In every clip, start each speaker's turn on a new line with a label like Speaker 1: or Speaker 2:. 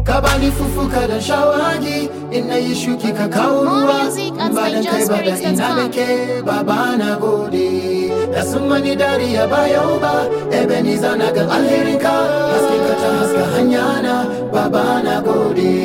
Speaker 1: kabalifufuka da shawagi in na yi ka kawo ruwa ba da kai ba da ina nake baba na gode da sun mani dariya ba yau ba ebe ni zana ga alherinka haske ka ta haska hanya baba na gode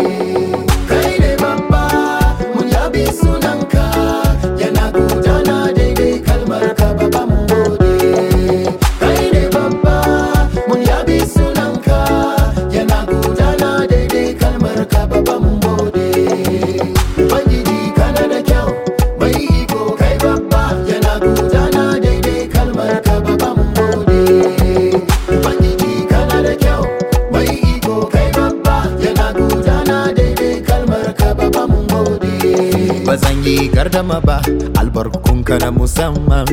Speaker 1: yi gardama ba albarkunka na musamman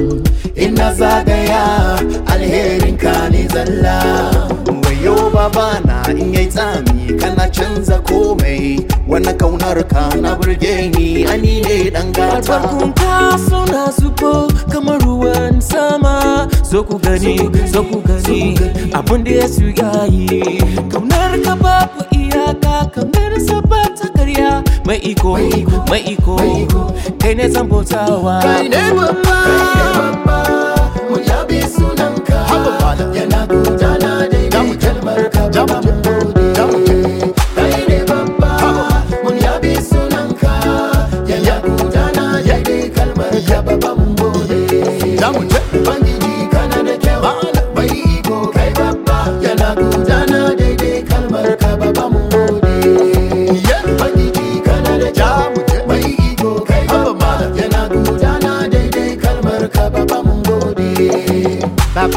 Speaker 1: ina zagaya alherinka ne zalla wayo baba na in yi tsami kana canza komai wani kaunar ka na burge ni ani ne dan gata albarkunka suna zubo kamar ruwan sama so ku gani so ku gani abin da ya su yayi kaunar ka babu iyaka kamar sabata maiko iko mai iko kai ne zan bautawa kai ne babba mu jabi sunanka haba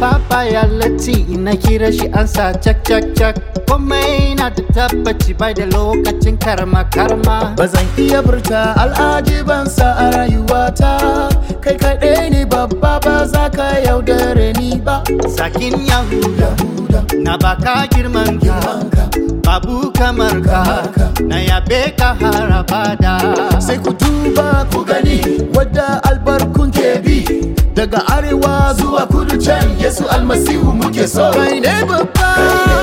Speaker 1: Baba ya latti na kira shi an sa cak cak cak Komai na da tabbaci bai da lokacin karma karma Ba zan iya furta sa a rayuwata Kai kaɗe ne babba ba za ka yaudare ni ba Sakin Yahuda na baka girman ka Babu kamar ka na yabe ka da Sai ku duba ku ga can yesu almasihu muke so kai ne babba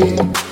Speaker 1: Thank